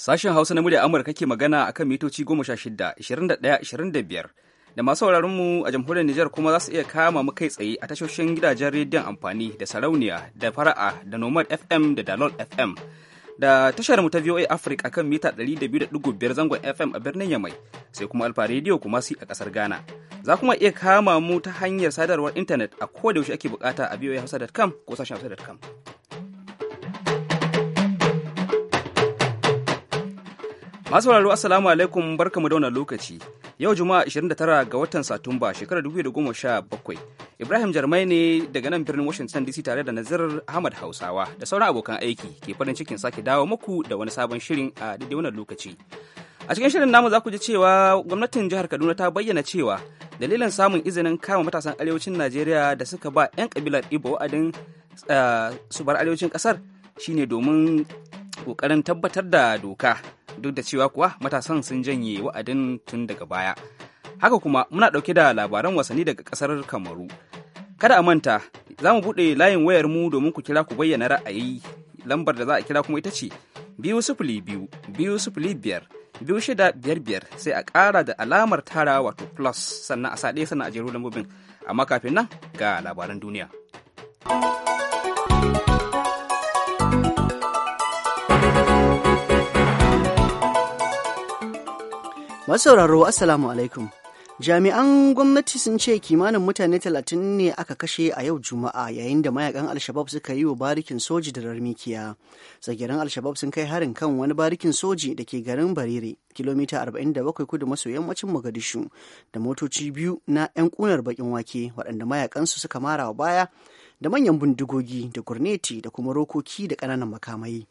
Sashen Hausa na murya Amurka ke magana akan mitoci 16, 21, 25 da masu sauraron mu a jamhuriyar Nijar kuma za su iya kama mu kai tsaye a tashoshin gidajen rediyon amfani da sarauniya da fara'a da Nomad FM da Dalol FM. Da tashar mu ta VOA Africa kan mita 200.5 zangon FM a birnin Yamai sai kuma Alfa rediyo kuma su a kasar Ghana. Za kuma iya kama mu ta hanyar sadarwar intanet a ko kodayaushe ake bukata a voahausa.com ko sashen hausa.com. Masu sauraro Assalamu alaikum barkamu da wannan lokaci. Yau Juma'a 29 ga watan Satumba shekarar 2017. Ibrahim Jarmai ne daga nan birnin Washington DC tare da nazar Ahmad Hausawa da sauran abokan aiki ke farin cikin sake dawo muku da wani sabon shirin a daidai wannan lokaci. A cikin shirin namu za ku ji cewa gwamnatin jihar Kaduna ta bayyana cewa dalilin samun izinin kama matasan arewacin Najeriya da suka ba 'yan kabilar Ibo wa'adin eh, su bar arewacin kasar shine domin ƙoƙarin tabbatar da doka duk da cewa kuwa matasan sun janye wa'adin tun daga baya. Haka kuma muna ɗauke da labaran wasanni daga ƙasar Kamaru. Kada a manta, za mu buɗe layin wayar mu domin ku kira ku bayyana ra'ayi. Lambar da za a kira kuma ita ce biyu sufuli biyu, biyu sufuli biyar, biyu shida biyar biyar sai a ƙara da alamar tara wato plus sannan a sa ɗaya sannan a jero lambobin. Amma kafin nan ga labaran duniya. masauraro assalamu alaikum jami'an gwamnati sun ce kimanin mutane talatin ne aka kashe a yau juma'a yayin da mayakan alshabab suka yi wa barikin soji da rarmikiya tsagirin alshabab sun kai harin kan wani barikin soji da ke garin Bariri, kilomita 47 kudu maso yammacin mogadishu da motoci biyu na 'yan kunar bakin wake waɗanda mayakansu suka mara wa baya da manyan bindigogi da gurneti da kuma rokoki da ƙananan makamai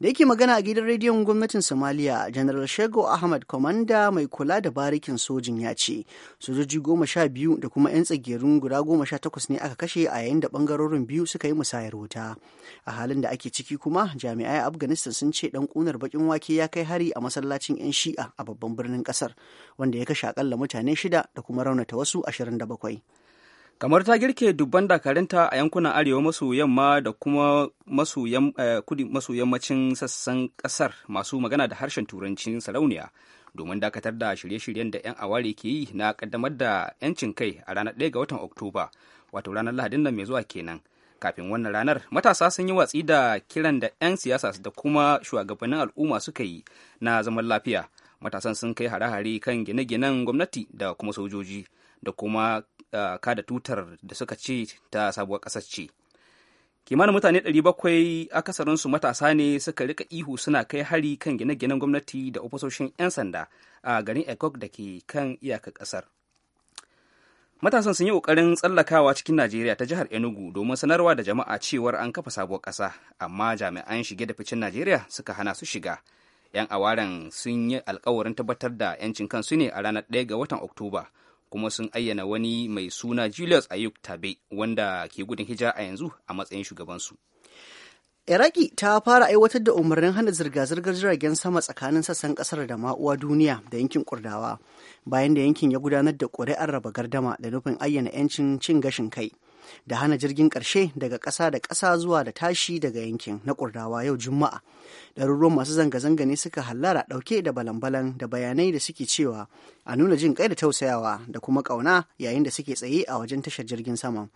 da yake magana a gidan rediyon gwamnatin somaliya general shego ahmad kwamanda mai kula da barikin sojin ya ce sojoji goma sha biyu da kuma 'yan tsagerun guda goma sha takwas ne aka kashe a yayin da bangarorin biyu suka yi musayar wuta a halin da ake ciki kuma jami'ai afghanistan sun ce dan kunar bakin wake ya kai hari a masallacin 'yan shi'a a babban birnin kasar wanda ya kashe akalla mutane shida da kuma raunata wasu ashirin da bakwai. kamar ta girke dubban dakaranta a yankunan arewa maso yamma da kuma maso eh, yammacin sassan kasar masu magana da harshen turancin sarauniya domin dakatar da shirye-shiryen da 'yan aware ke yi na kaddamar da 'yancin kai a ranar 1 ga watan oktoba wato ranar lahadin nan mai zuwa kenan kafin wannan ranar matasa sun yi watsi da kiran da 'yan siyasa da kuma shugabannin al'umma suka yi na zaman lafiya matasan sun kai hare-hare kan gine-ginen gwamnati da kuma sojoji da kuma kada tutar da suka ce ta sabuwar ƙasar ce kimanin mutane 700 akasarinsu matasa ne suka rika ihu suna kai hari kan gine-ginen gwamnati da ofisoshin 'yan sanda a garin ekok da ke kan iyakar ƙasar matasan sun yi ƙoƙarin tsallakawa cikin najeriya ta jihar enugu domin sanarwa da jama'a cewar an kafa sabuwar ƙasa amma jami'an shige da ficin najeriya suka hana su shiga 'yan awaren sun yi alkawarin tabbatar da 'yancin kansu ne a ranar 1 ga watan oktoba kuma sun ayyana wani mai suna Julius Ayuk Tabe wanda ke gudun hijira a yanzu a matsayin shugabansu. Iraki ta fara aiwatar da umarnin hana zirga-zirgar jiragen sama tsakanin sassan kasar da ma'uwa duniya da yankin Kurdawa bayan da yankin ya gudanar da ƙuri'ar raba gardama da nufin ayyana 'yancin cin gashin kai. da hana jirgin ƙarshe daga ƙasa da ƙasa zuwa da tashi daga yankin na kurdawa yau juma'a ɗaruruwan masu zanga-zanga ne suka hallara ɗauke da balan-balan da bayanai da suke cewa a nuna jin kai da tausayawa da kuma ƙauna yayin da suke tsaye a wajen tashar jirgin sama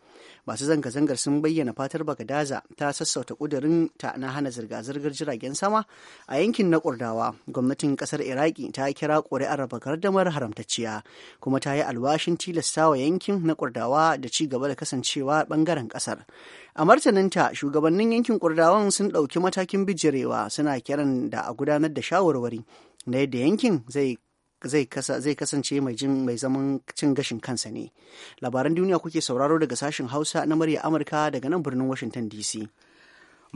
masu zanga-zangar sun bayyana fatar bagadaza ta sassauta ƙudurin ta na hana zirga-zirgar jiragen sama a yankin na kurdawa gwamnatin ƙasar iraki ta kira ƙuri'ar gardamar haramtacciya kuma ta yi alwashin tilastawa yankin na kurdawa da ci gaba da kasancewa kaucewa bangaren kasar a martaninta shugabannin yankin kurdawan sun ɗauki matakin bijirewa suna kiran da a gudanar da shawarwari na yadda yankin zai kasance mai jin mai zaman cin gashin kansa ne labaran duniya kuke sauraro daga sashen hausa na murya amurka daga nan birnin washington dc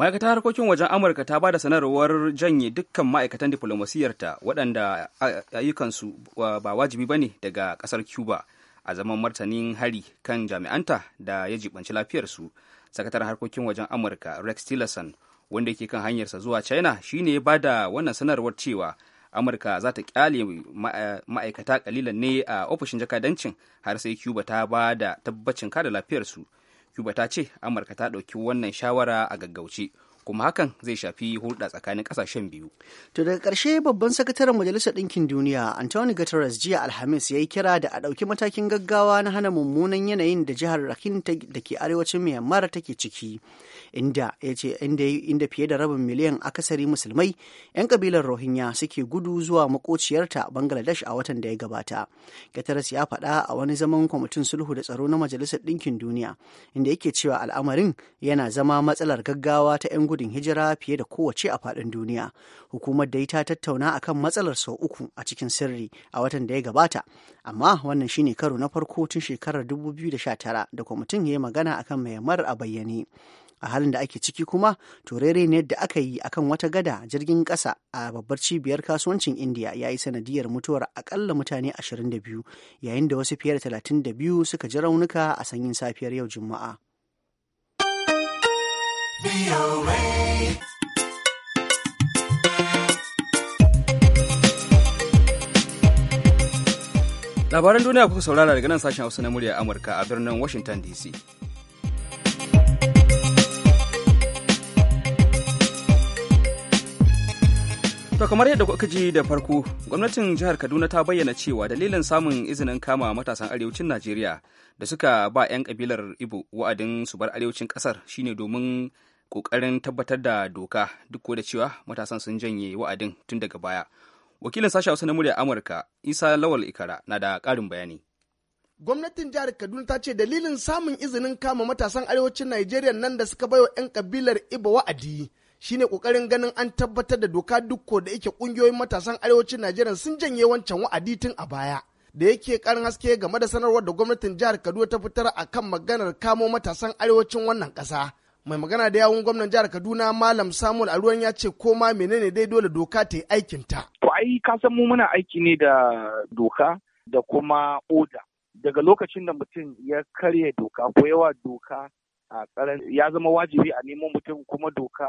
ma'aikatar harkokin wajen amurka ta ba da sanarwar janye dukkan ma'aikatan diflomasiyarta waɗanda ayyukansu ba wajibi ba ne daga ƙasar cuba a zaman martanin hari kan jami'anta da ya jibanci lafiyarsu sakataren harkokin wajen amurka rex tillerson wanda ke kan hanyarsa zuwa china shine ya bada wannan sanarwar cewa amurka za ta kyale eh, ma'aikata kalilan ne a ofishin jakadancin har sai cuba ta ba da tabbacin kada lafiyarsu cuba ta ce amurka ta ɗauki wannan shawara a gaggauce kuma hakan zai shafi hulɗa tsakanin ƙasashen biyu. To daga ƙarshe babban sakataren Majalisar Ɗinkin Duniya Antonio Guterres jiya Alhamis ya yi kira da a ɗauki matakin gaggawa na hana mummunan yanayin da jihar Rakhine da ke arewacin Myanmar take ciki. inda ya ce inda fiye da rabin miliyan akasari musulmai 'yan kabilar rohingya suke gudu zuwa makociyarta bangladesh a watan da ya gabata gataras ya faɗa a wani zaman kwamitin sulhu da tsaro na majalisar ɗinkin duniya inda yake cewa al'amarin yana zama matsalar gaggawa ta 'yan gudun hijira fiye da kowace a faɗin duniya hukumar da ta tattauna akan matsalar sau uku a cikin sirri a watan da ya gabata amma wannan shine karo na farko tun shekarar 2019 da kwamitin ya yi magana akan mayamar a bayyane a halin da ake ciki kuma torere ne da aka yi akan wata gada jirgin kasa a babbar cibiyar kasuwancin india ya yi sanadiyar mutuwar akalla mutane 22 yayin da wasu fiye da 32 suka ji raunuka a sanyin safiyar yau juma'a labaran duniya kuka saurara daga nan sashen hausa na murya amurka a birnin washington dc To kamar yadda kuka ji da farko, gwamnatin jihar Kaduna ta bayyana cewa dalilin samun izinin kama matasan arewacin Najeriya da suka ba 'yan kabilar Ibo wa'adin su bar arewacin kasar shine domin kokarin tabbatar da doka duk da cewa matasan sun janye wa'adin tun daga baya. Wakilin sashi Hausa na murya Amurka, Isa Lawal Ikara na da karin bayani. gwamnatin jihar kaduna ta ce dalilin samun izinin kama matasan arewacin najeriya nan da suka bayo 'yan kabilar ibo wa'adi shine kokarin ganin an tabbatar da doka dukko da yake kungiyoyin matasan arewacin Najeriya sun janye wancan wa'adi tun a baya. Da yake karin haske game da sanarwar da gwamnatin jihar Kaduna ta fitar a kan maganar kamo matasan arewacin wannan kasa. Mai magana da yawun gwamnan jihar Kaduna Malam Samuel Aruwan ya ce ko ma menene dai dole doka ta yi aikin ta. To ai ka san mu muna aiki ne da doka da kuma oda. daga lokacin da mutum ya karya doka ko yawa doka a ya zama wajibi a nemo mutum kuma doka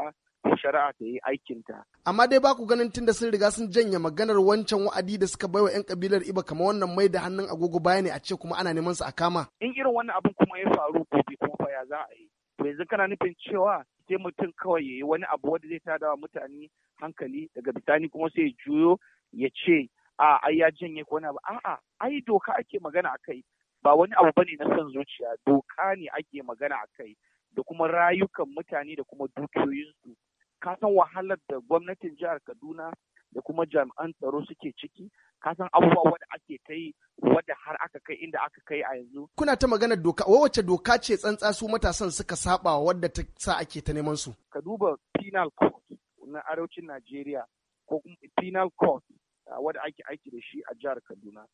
shari'a ta yi aikinta. Amma dai ba ku ganin tunda sun riga sun janye maganar wancan wa'adi da suka baiwa 'yan kabilar Iba kama wannan mai da hannun agogo baya ne a ce kuma ana neman su a kama. In irin wannan abin kuma ya faru gobe kuma fa ya za a yi. To yanzu kana nufin cewa sai mutum kawai ya yi wani abu wanda zai tada wa mutane hankali daga bisani kuma sai ya juyo ya ce a ai ya janye ko wani abu a'a ai doka ake magana a kai ba wani abu bane na son zuciya doka ne ake magana a kai da kuma rayukan mutane da kuma dukiyoyinsu ka san wahalar da gwamnatin jihar Kaduna da kuma jami'an tsaro suke ciki ka san abubuwa wadda ake ta yi wadda har aka kai inda aka kai a yanzu. Kuna ta maganar doka wace doka ce tsantsa su matasan suka saba wadda ta sa ake ta neman su. Ka duba penal court na arewacin Najeriya ko kuma penal court wadda ake aiki da shi a jihar Kaduna.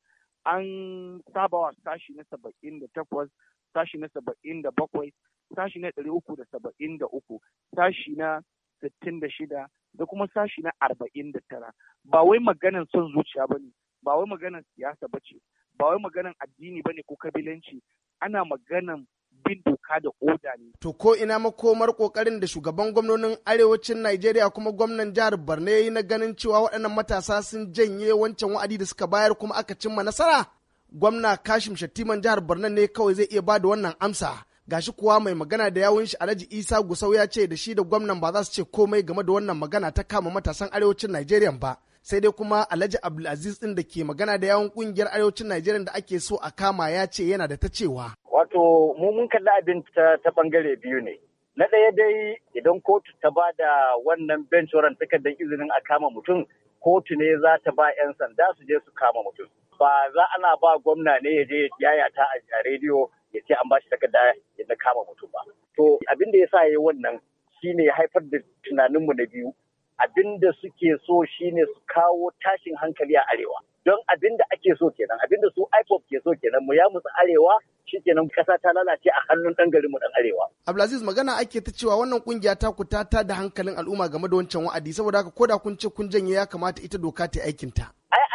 An sabawa sashi na saba'in da takwas, sashi na saba'in da bakwai, sashi na ɗari uku da saba'in da uku, sashi na sittin da shida da kuma sashi na arba'in da tara ba wai maganan son zuciya ba ne ba wai maganan siyasa ba ce ba wai maganan addini ba ne ko kabilanci ana maganan bin doka da oda ne. To ko ina makomar kokarin da shugaban gwamnonin arewacin Najeriya kuma gwamnan jihar Borno yayi na ganin cewa waɗannan matasa sun janye wancan wa'adi da suka bayar kuma aka cimma nasara? Gwamna Kashim Shattiman jihar Borno ne kawai zai iya bada wannan amsa. gashi kuwa mai magana da yawun shi alhaji isa gusau ya ce da shi da gwamnan ba za su ce komai game da wannan magana ta kama matasan arewacin nigeria ba sai dai kuma alhaji abdulaziz din da ke magana da yawun kungiyar arewacin nigeria da ake so a kama ya ce yana da ta cewa wato mu mun kalli abin ta bangare biyu ne na ɗaya dai idan kotu ta ba da wannan bench warrant takardar izinin a kama mutum kotu ne za ta ba 'yan sanda su je su kama mutum ba za ana ba gwamna ne ya je yayata a rediyo ya ce an bashi takarda ya na kama mutum ba to abin da ya sa ya yi wannan shi ya haifar da tunaninmu na biyu abin da suke so shi ne su kawo tashin hankali a arewa don abin da ake so kenan abin da su ipop ke so kenan mu ya musu arewa shi kenan kasa ta lalace a hannun ɗan garinmu ɗan arewa abdulaziz magana ake ta cewa wannan kungiya ta ku ta da hankalin al'umma game da wancan wa'adi saboda haka da kun ce kun janye ya kamata ita doka ta aikin ta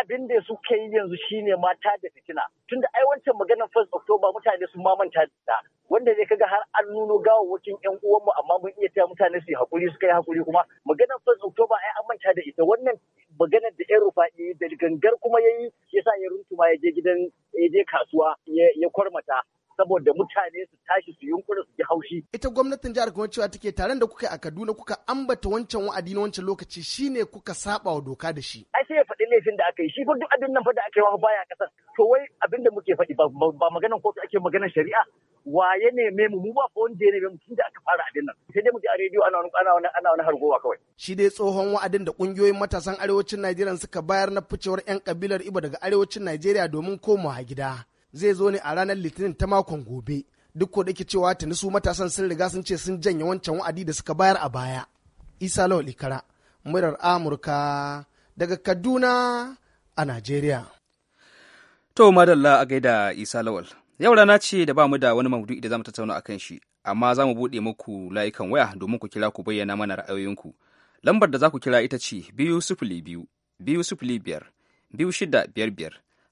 abin da suke yi yanzu shine mata da fitina tunda ai wancan maganar first october mutane sun mamanta da wanda zai kaga har an nuno gawawwakin yan uwanmu amma mun iya taya mutane su yi hakuri su kai hakuri kuma maganar first october ai an manta da ita wannan maganar da yan rufa'i da gangar kuma yayi yasa ya runtuma ya je gidan ya je kasuwa ya kwarmata saboda mutane su tashi su yunkuri su ji haushi. Ita gwamnatin jihar kuma cewa take tare da kuka a Kaduna kuka ambata wancan wa'adi na wancan lokaci shine kuka saba wa doka da shi. Ai sai ya faɗi laifin da aka yi shi fa duk abin nan fa da aka yi wa baya kasan. To wai abin da muke faɗi ba maganan kotu ake maganan shari'a waye ne me mu ba ko wanda ne mu tunda aka fara abin nan sai dai mu a rediyo ana wani ana wani ana wani hargowa kawai shi dai tsohon wa'adin da kungiyoyin matasan arewacin Najeriya suka bayar na ficewar yan kabilar Ibo daga arewacin Najeriya domin komawa gida zai zo ne a ranar litinin ta makon gobe duk ko da cewa tuni su matasan sun riga sun ce sun janye wancan wa'adi da suka bayar a baya isa lawal ikara murar amurka daga kaduna a najeriya to madalla a gaida isa lawal yau rana ce da ba mu da wani maudu'i da za mu tattauna a kan shi amma za mu buɗe muku layukan waya domin ku kira ku bayyana mana ra'ayoyinku lambar da za ku kira ita ce biyu sufuli biyu biyu sufuli biyar biyu shida biyar biyar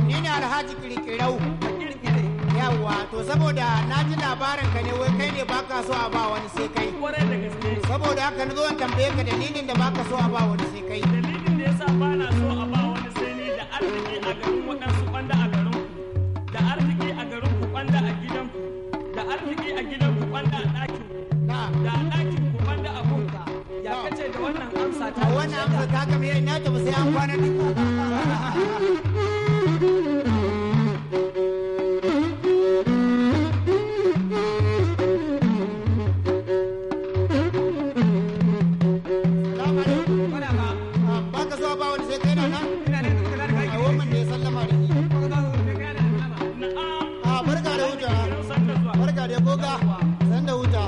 ni ne alhaji kirkirau yawa to saboda na ji labarin ka ne wai kai ne baka so a ba wani sai kai saboda haka na zo in tambaye ka dalilin da baka so a ba wani sai kai dalilin da yasa ba na so a ba wani sai ni da arziki a garin waɗansu banda a garin da arziki a garin ku banda a gidan da arziki a gidan ku banda a ɗakin ku da a ɗakin ku banda a kunka ya kace da wannan amsa ta wannan amsa ta ga me na ta ba sai an kwana duk barka da wuta barka da goga san da wuta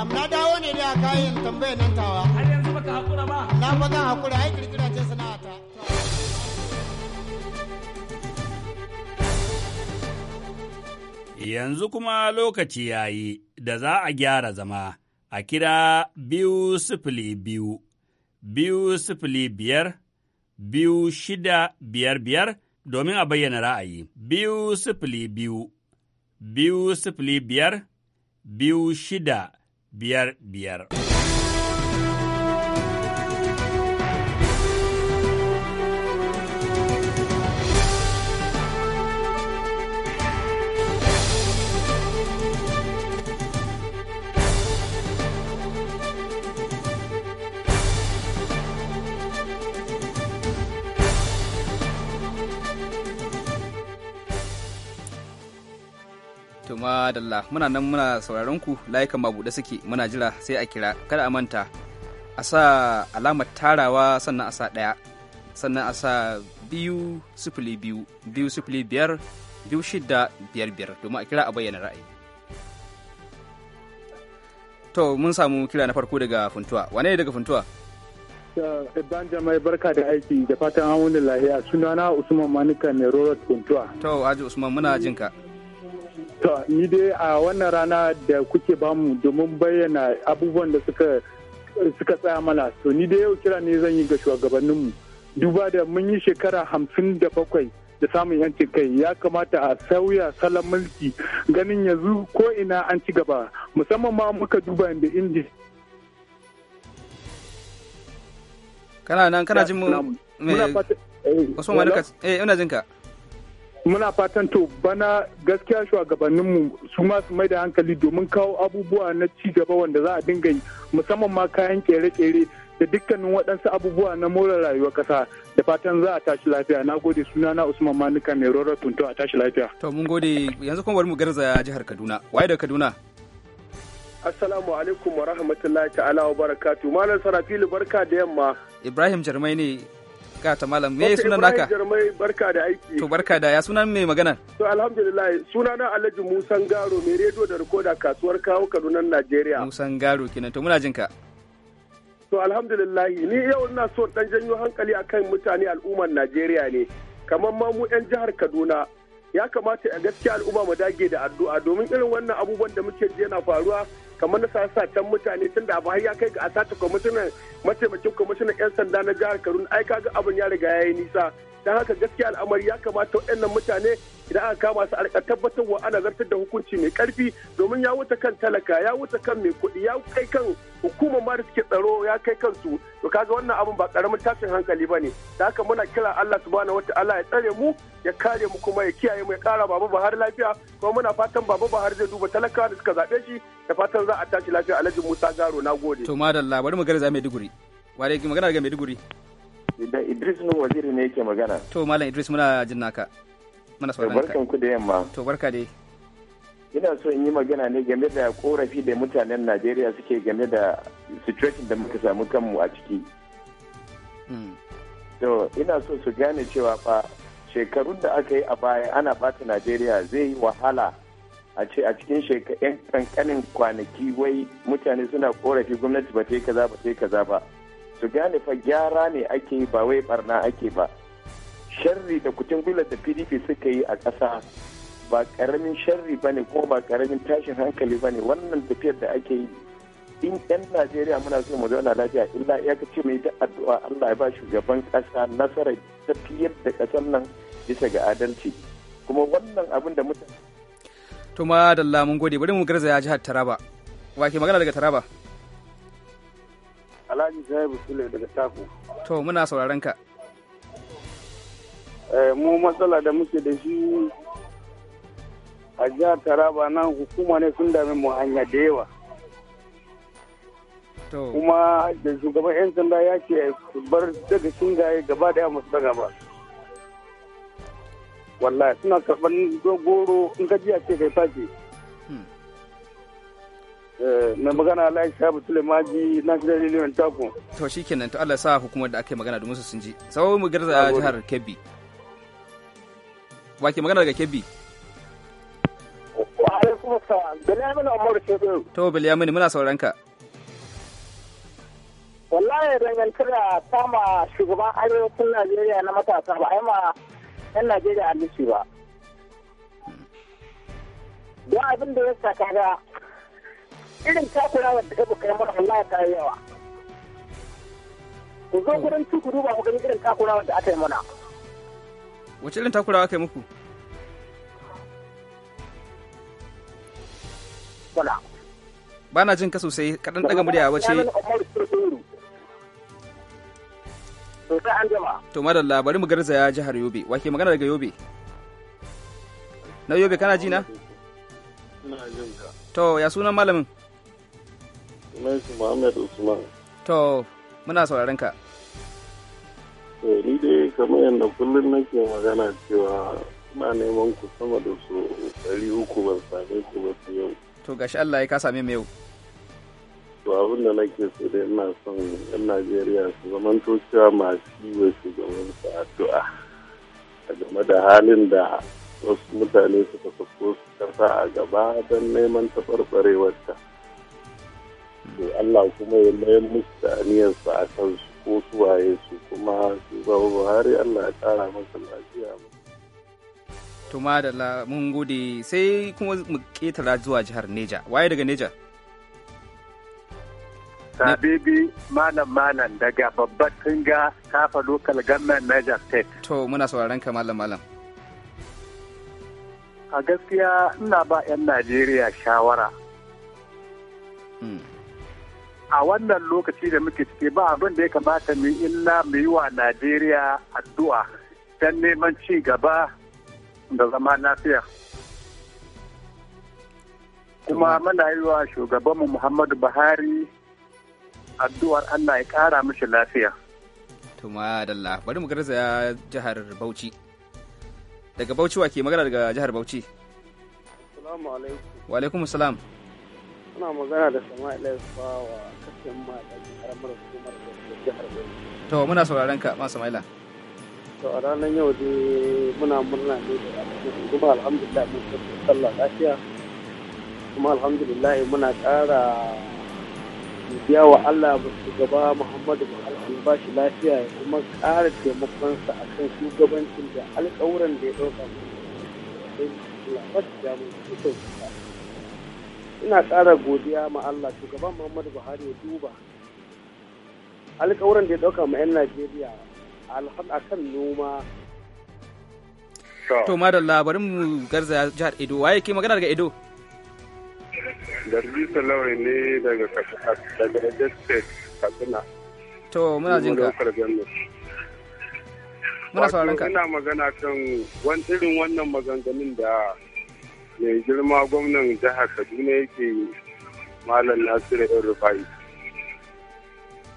amma dawo ne da kayan tambayar nan tawa har yanzu baka hakura ba na fa zan hakura ai kirkira ce sana'ata Yanzu kuma lokaci ya yi da za a gyara zama a kira biyu sifili biyu, biyu sifili biyar, biyu shida biyar biyar domin a bayyana ra'ayi, biyu sifili biyu biyu sifili biyar biyu shida biyar biyar. madalla muna nan muna sauraron ku layukan ba buɗe suke muna jira sai a kira kada a manta a sa alamar tarawa sannan a sa ɗaya sannan a sa biyu sufuli biyu biyu sufuli biyar biyu shida biyar biyar domin a kira a bayyana ra'ayi to mun samu kira na farko daga funtuwa wane ne daga funtuwa Iban jama'i barka da aiki da fatan hannun wuni lahiya sunana Usman Manika ne Rorot Funtuwa. To Haji Usman muna jinka. To, ni dai a wannan rana da kuke bamu domin bayyana abubuwan da suka suka tsaya mana. To, ni dai yau kira ne zan yi ga shugabanninmu. Duba da mun yi shekara hamsin da bakwai da samun yancin kai ya kamata a sauya salon mulki ganin yanzu ko ina an ci gaba musamman ma muka duba inda indi kana nan kana jin mu eh, Usman Malika eh ina jinka muna fatan to bana gaskiya shugabanninmu su masu mai da hankali domin kawo abubuwa na ci gaba wanda za a dinga yi musamman ma kayan kere-kere da dukkanin waɗansu abubuwa na more rayuwar ƙasa da fatan za a tashi lafiya na gode suna na usman manuka mai rorar tunto a tashi lafiya to mun gode yanzu kuma bari mu garza jihar kaduna waye da kaduna assalamu alaikum wa rahmatullahi ta'ala wa barakatu malam sarafilu barka da yamma ibrahim jarmai ne kata malam me sunan naka? Jarmai barka da aiki. To barka da ya sunan mai magana? To alhamdulillah sunana Alhaji Musan Garo mai rediyo da rikoda kasuwar kawo Kaduna Najeriya. Musan Garo kenan to muna jin ka. To alhamdulillah ni yau ina so dan janyo hankali akan mutane al'ummar Najeriya ne. Kamar ma mu 'yan jihar Kaduna ya kamata a gaskiya al'umma mu dage da addu'a domin irin wannan abubuwan da muke ji yana faruwa kamar na sa can mutane tunda abu ya kai ga a sace kwamishinan mataimakin kwamishinan 'yan sanda na jihar Kaduna ai kaga abin ya riga ya yi nisa don haka gaskiya al'amari ya kamata waɗannan mutane idan aka kama su a tabbatar wa ana zartar da hukunci mai karfi domin ya wuce kan talaka ya wuce kan mai kuɗi ya kai kan hukumar ma da suke tsaro ya kai kansu to kaga wannan abun ba karamin tashin hankali ba ne da haka muna kira Allah subhanahu wataala ya tsare mu ya kare mu kuma ya kiyaye mu ya kara baba Bahar lafiya kuma muna fatan baba Bahar zai duba talaka da suka zabe shi da fatan za a tashi lafiya Alhaji Musa Garo nagode to madalla bari mu gare mai duguri wa magana daga Maiduguri. da Idris Nuhu waziri ne yake magana. To Malam Idris muna jin naka. ka. To barka Ina so in yi magana ne game da korafi da mutanen Najeriya suke game da situation da muka samu kanmu a ciki. Hmm. To ina so su gane cewa fa shekarun da aka yi a baya ana bata Najeriya zai yi wahala a ce a cikin shekarun kankanin kwanaki wai mutane suna korafi gwamnati ba ta yi kaza ba ta yi kaza ba. su gane fa gyara ne ake yi ba wai barna ake ba sharri da kutun gula da pdp suka yi a ƙasa ba ƙaramin sharri ba ne ko ba ƙaramin tashin hankali ba ne wannan tafiyar da ake yi in 'yan najeriya muna so mu zauna lafiya illa ya ka ce mai ta addu'a allah ya ba shugaban ƙasa nasarar tafiyar da ƙasar nan bisa ga adalci kuma wannan abin da mutane. to ma dalla mun gode bari mu garzaya jihar taraba wa ke magana daga taraba. Alhaji Shaibu Sule daga Taku. To muna sauraron ka. Eh, mu matsala da muke da shi a jihar Taraba nan hukuma ne sun dami mu hanya da yawa. Kuma da shugaban 'yan sanda ya ce bar daga shingaye gaba da masu daga ba. Wallahi suna karɓar goro in ka ce kai face. Eh, mai magana alayi Shabu Sulemaji na shi da Liliyan Tako. To shi kenan to Allah sa hukumar da aka yi magana domin su sun ji. Sau mu garza jihar Kebbi. Wa ke magana daga Kebbi? Wa alaikum assalam. Bilyamini Umaru Shehu. To Bilyamini muna sauran ka. Wallahi dangantar da sama shugaban arewacin Najeriya na matasa ba a yi ma 'yan Najeriya alishi ba. Don abin da ya saka ga irin takurawa da gaba kai mara wallahi ta yawa ku zo gurin tuku duba ku gani irin takura wanda aka yi mana wace irin takura aka yi muku wala ba na jin ka sosai kaɗan daga murya wace to madalla bari mu garzaya jihar yobe wake magana daga yobe na yobe kana ji na to ya sunan malamin sunan Usman. To, muna sauraron ka. To, ni dai kamar yadda kullum nake magana cewa na neman ku sama da su ɗari uku ban same ku ba su yau. To, gashi Allah ya ka same mu yau. To, abin da nake so dai ina son 'yan Najeriya su zamanto cewa masu yi wa shugabansu addu'a. A game da halin da wasu mutane suka sako su kasa a gaba don neman taɓarɓarewarta. to Allah kuma ya mayar musu da aniyarsa a kan su ko su waye su kuma su zama Buhari Allah ya kara masa lafiya. Tuma da la mun gode sai kuma mu ketara zuwa jihar Neja. Waye daga Neja? Sabibi Malam Malam daga babban tunga kafa lokal government Neja State. To muna sauraron ka Malam Malam. A gaskiya ina ba 'yan Najeriya shawara. Hmm. a wannan lokaci da muke ciki ba abin da ya kamata mu illa mu yi wa Najeriya addu'a don neman ci gaba da zama lafiya. Kuma muna yi wa shugabanmu Muhammadu Buhari addu'ar Allah ya ƙara mishi lafiya. Tuma dalla bari mu garza jihar Bauchi. Daga Bauchi wa ke magana daga jihar Bauchi? Assalamu alaikum. Wa alaikum salam. Suna magana da Sama'ila wa kasin ma da karamar hukumar da jihar Bauchi. To muna sauraron ka masu maila To a ranar yau dai muna murna ne da kuma alhamdulillah mun tafi sallah lafiya. Kuma alhamdulillah muna ƙara biya wa Allah mu shugaba Muhammadu Buhari ba shi lafiya ya kuma ƙara taimakonsa a kan shugabancin da alƙawuran da ya ɗauka. Sai Allah ba shi damu da kyau. ina ƙara godiya ma Allah shugaban Muhammadu Buhari ya duba alƙawuran da ya ɗauka ma 'yan Najeriya a kan noma. To da labarin mu garza jihar Edo waye ke magana daga Edo? darbisa Salawai ne daga daga Edo State Katsina. To muna jin ka. Muna sauran ka. Ina magana kan wani irin wannan maganganun da mai girma gwamnan jihar kaduna yake malam nasiru yan rufa'i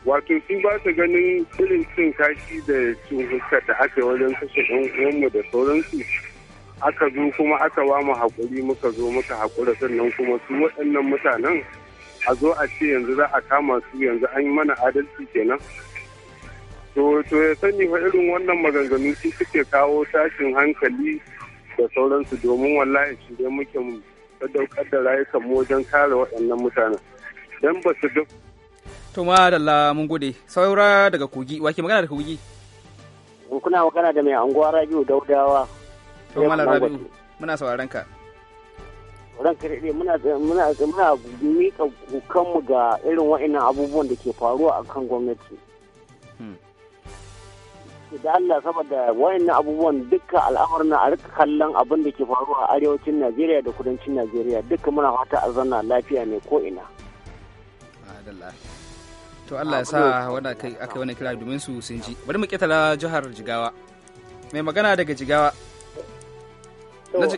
wato su ba su ganin irin cin kashi da cin huska da aka wajen kashe yan uwanmu da sauransu aka zo kuma aka ba mu haƙuri muka zo muka haƙura sannan kuma su waɗannan mutanen a zo a ce yanzu za a kama su yanzu an yi mana adalci kenan to to ya sani fa irin wannan maganganu su suke kawo tashin hankali da sauransu domin wallahi shi dai muke sadaukar da rayukan mu wajen kare waɗannan mutanen dan ba su duk to ma da Allah mun gode saura daga kogi wake magana da kogi kuna magana da mai anguwa rabiu daudawa to malam rabiu muna sauraron ka ranka daɗe muna muna muna mika kukanmu ga irin wa'annan abubuwan da ke faruwa akan gwamnati hmm. da Allah saboda wayannan abubuwan dukkan al'amarin a rika kallon abin da ke faruwa a arewacin Najeriya da kudancin Najeriya dukkan muna fata a zanna lafiya ne ko ina. To Allah ya sa wanda aka yi wani kira domin su sun ji. Bari mu ketala jihar Jigawa. Mai magana daga Jigawa.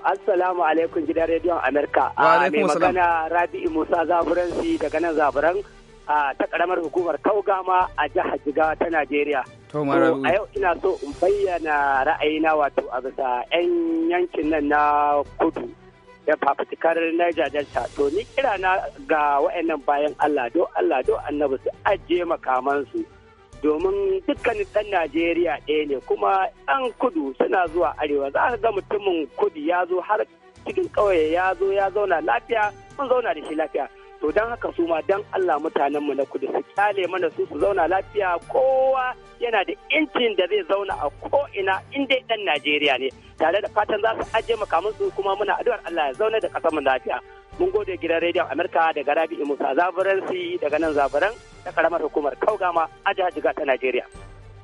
assalamu alaikum gidan rediyon Amerika. Ah, mai magana Rabi Musa Zaburansi daga nan Zaburan ah, ta karamar hukumar Kaugama a jihar Jigawa ta Najeriya. To A yau ina so in bayyana ra'ayina wato a bisa 'yan yankin nan na kudu da fafutukar Niger Delta. To ni kira na ga wa'annan bayan Allah do Allah do annabi su ajiye makamansu. Domin dukkanin ɗan Najeriya ɗaya ne kuma 'yan kudu suna zuwa arewa za ka ga mutumin kudu ya zo har cikin ƙauye ya zo ya zauna lafiya mun zauna da shi lafiya. to don haka su ma don Allah mutanen mu na kudu su kyale mana su su zauna lafiya kowa yana da incin da zai zauna a ko ina inda dan Najeriya ne tare da fatan za su ajiye makamin su kuma muna addu'ar Allah ya zauna da kasar mu lafiya mun gode gidan rediyon Amurka daga rabi'i Musa si daga nan Zaburan da karamar hukumar Kaugama ma jihar ta Najeriya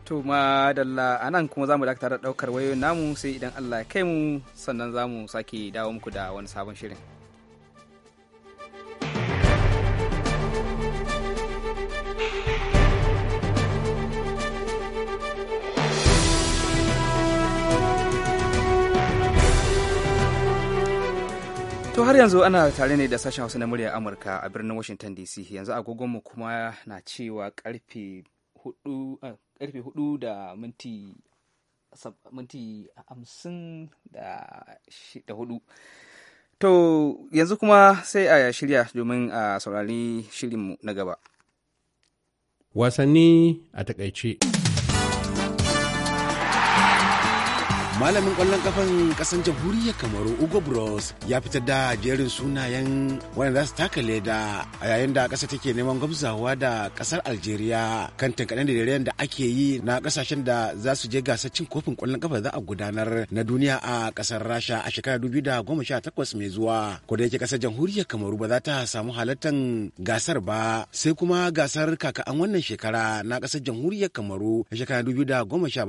to madalla a nan kuma zamu mu dakatar da daukar wayoyin namu sai idan Allah ya kai mu sannan zamu mu sake dawo muku da wani sabon shirin To har yanzu ana tare ne da sashen Hausa na muryar Amurka a birnin Washington DC. Yanzu agogonmu kuma na cewa karfe hudu eh, da minti minti hamsin da hudu. To yanzu kuma sai a shirya domin a saurari shirinmu na gaba. Wasanni a takaice. malamin kwallon kafan kasan jamhuriyar kamaru ugo bros ya fitar da jerin sunayen wanda za su taka leda a yayin da ƙasa take neman gwamzawa da ƙasar algeria kan tankaɗen da da ake yi na ƙasashen da za su je gasar cin kofin kwallon kafa za a gudanar na duniya a ƙasar rasha a shekarar takwas mai zuwa ko da yake ƙasar jamhuriyar kamaru ba za ta samu halartar gasar ba sai kuma gasar kaka an wannan shekara na ƙasar jamhuriyar kamaru a shekarar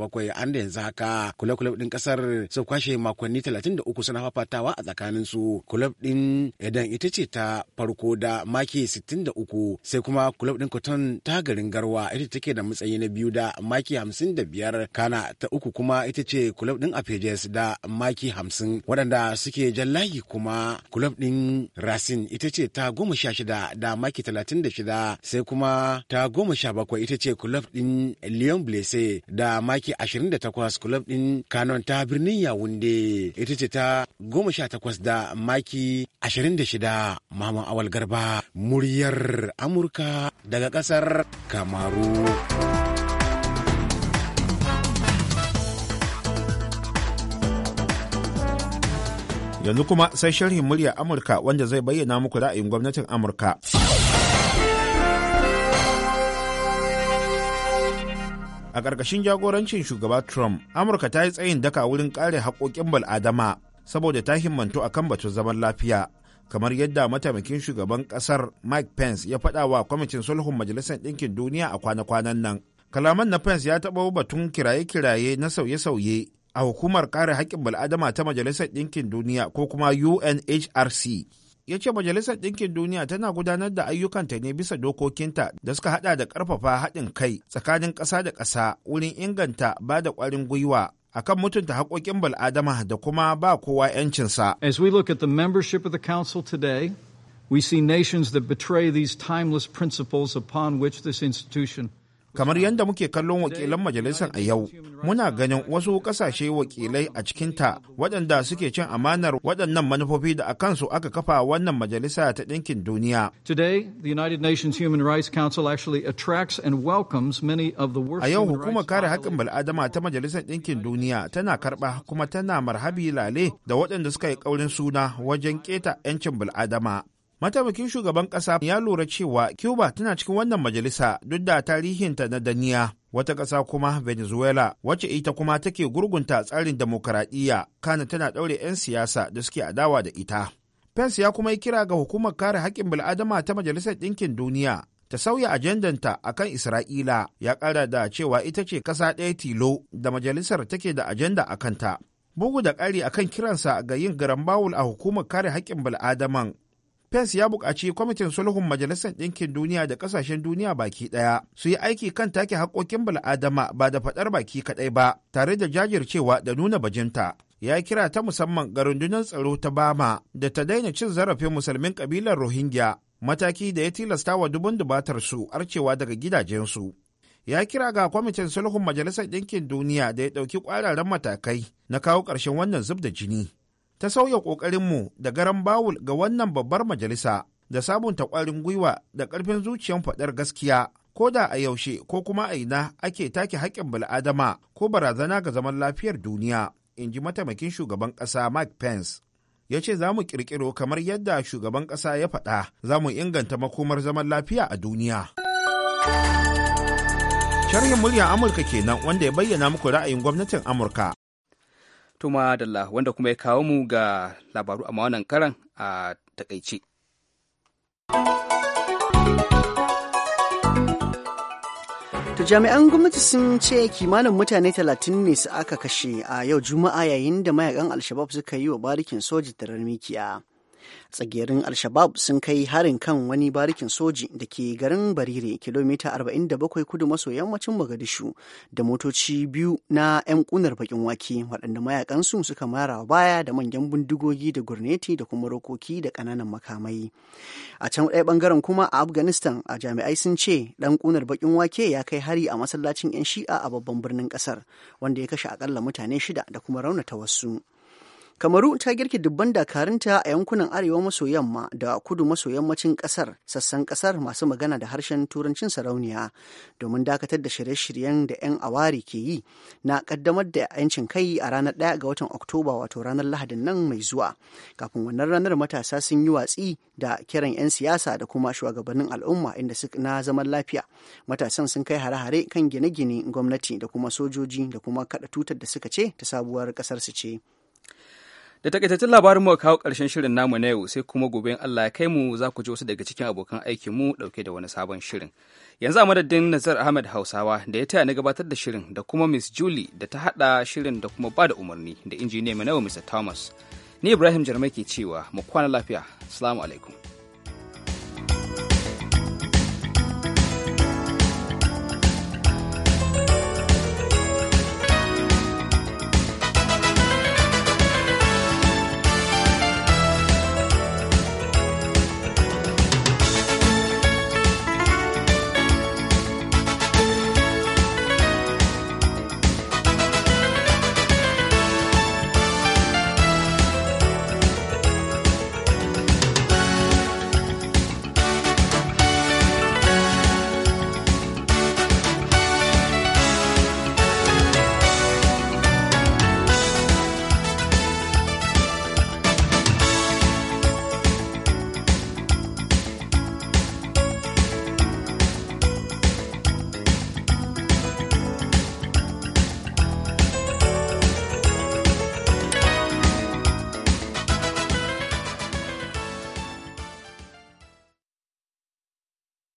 bakwai an da yanzu haka kula-kula ɗin kasar sun kwashe makonni 33 suna fafatawa a tsakanin su kulob din edan ita ce ta farko da maki 63 sai kuma kulob din koton ta garin garwa ita take da matsayi na biyu da maki 55 kana ta uku kuma ita ce kulob din apejes da maki 50 waɗanda suke jan layi kuma kulob din rasin ita ce ta goma sha shida da maki 36 sai kuma ta goma sha bakwai ita ce kulob din leon blese da maki 28 kulob din kanon. ta birnin Yawunde ita ce ta goma sha takwas da maki ashirin da shida Mama Awal Garba muryar Amurka daga ƙasar Kamaru. yanzu kuma sai sharhin murya amurka wanda zai bayyana muku ra'ayin gwamnatin amurka a ƙarƙashin jagorancin shugaba trump amurka ta yi tsayin daka wurin ƙare haƙoƙin bal'adama saboda ta himmantu kan batun zaman lafiya kamar yadda mataimakin shugaban ƙasar mike pence ya faɗa wa kwamitin sulhun majalisar ɗinkin duniya a kwana-kwanan nan kalaman na pence ya taɓa batun kiraye-kiraye na sauye-sauye a hukumar kare haƙƙin bal'adama ta majalisar ɗinkin duniya ko kuma unhrc ya ce majalisar ɗinkin duniya tana gudanar da ayyukanta ne bisa dokokinta da suka hada da ƙarfafa haɗin kai tsakanin ƙasa da ƙasa wurin inganta ba da ƙwarin gwiwa akan mutunta haƙoƙin bal'adama da kuma ba kowa 'yancinsa. As we look at the membership of the council today, we see nations that betray these timeless principles upon which this institution kamar yadda muke kallon wakilan majalisar a yau muna ganin wasu kasashe wakilai a cikinta waɗanda suke cin amanar waɗannan manufofi da a kansu aka kafa wannan majalisa ta ɗinkin duniya a yau hukumar kare haƙƙin bil'adama ta majalisar ɗinkin duniya tana karɓa kuma tana marhabi lale da waɗanda suka yi ƙaurin suna wajen keta 'yancin bil'adama mataimakin shugaban ƙasa ya lura cewa cuba tana cikin wannan majalisa duk da tarihinta na daniya wata ƙasa kuma venezuela wacce ita kuma take gurgunta tsarin demokaradiyya kana tana ɗaure 'yan siyasa da suke adawa da ita pence ya kuma yi kira ga hukumar kare haƙƙin bil'adama ta majalisar ɗinkin duniya ta sauya ajandanta a kan Isra'ila ya ƙara da cewa ita ce ƙasa ɗaya tilo da majalisar take da ajanda a kanta. Bugu da ƙari a kan kiransa ga yin garambawul a hukumar kare haƙƙin bil'adaman Pence ya buƙaci kwamitin sulhun Majalisar Ɗinkin Duniya da ƙasashen duniya baki ɗaya su yi aiki kan take haƙƙoƙin bil'adama ba da faɗar baki kaɗai ba, tare da jajircewa da nuna bajinta. Ya kira ta musamman ga rundunar tsaro ta Bama da ta daina cin zarafin musulmin ƙabilar Rohingya, mataki da ya tilasta wa dubun dubatar su arcewa daga gidajensu. Ya kira ga kwamitin sulhun Majalisar Ɗinkin Duniya da ya ɗauki ƙwararren matakai na kawo ƙarshen wannan zub da jini. ta sauya ƙoƙarinmu da garan bawul ga wannan babbar majalisa da sabunta ƙwarin gwiwa da ƙarfin zuciyan faɗar gaskiya ko da a yaushe ko kuma a ina ake take haƙƙin bil'adama ko barazana ga zaman lafiyar duniya in ji mataimakin shugaban ƙasa mike pence ya ce za mu ƙirƙiro kamar yadda shugaban ƙasa ya faɗa za mu inganta makomar zaman lafiya a duniya sharhin muryar amurka kenan wanda ya bayyana muku ra'ayin gwamnatin amurka Tuma Dalla wanda kuma ya kawo mu ga labaru a wannan karan a takaice. To jami'an gwamnati sun ce kimanin mutane talatin ne su aka kashe a yau juma'a yayin da mayakan alshabab suka yi wa barikin soji tarar mikiya. tsagerin al-shabab sun kai harin kan wani barikin soji da ke garin bariri kilomita 47 kudu maso yammacin mogadishu da motoci biyu na 'yan kunar bakin wake waɗanda mayakansu suka mara baya da manyan bindigogi da gurneti da kuma rokoki da kananan makamai a can ɗaya bangaren kuma a afghanistan a jami'ai sun ce ɗan kunar bakin wake ya kai hari a masallacin 'yan shi'a a babban birnin ƙasar wanda ya kashe akalla mutane shida da kuma raunata wasu Kamaru ta girki dubban dakarunta a yankunan arewa maso yamma da kudu maso yammacin kasar sassan kasar masu magana da harshen turancin sarauniya domin dakatar da shirye-shiryen da 'yan awari ke yi na kaddamar da 'yancin kai a ranar 1 ga watan Oktoba wato ranar Lahadin nan mai zuwa. Kafin wannan ranar matasa sun yi watsi da kiran 'yan siyasa da kuma shugabannin al'umma inda na zaman lafiya. Matasan sun kai hare-hare kan gine-gine gwamnati da kuma sojoji da kuma kada tutar da suka ce ta sabuwar ƙasar su ce. da takaitaccen labarin mu kawo karshen shirin namu na yau sai kuma gobe Allah ya kai mu za ku ji wasu daga cikin abokan aikin mu dauke da wani sabon shirin yanzu a madadin Nazar Ahmed Hausawa da ya taya na gabatar da shirin da kuma Miss Julie da ta hada shirin da kuma da umarni da injiniya mai nawa Mr Thomas ni Ibrahim Jarmai ke cewa mu kwana lafiya assalamu alaikum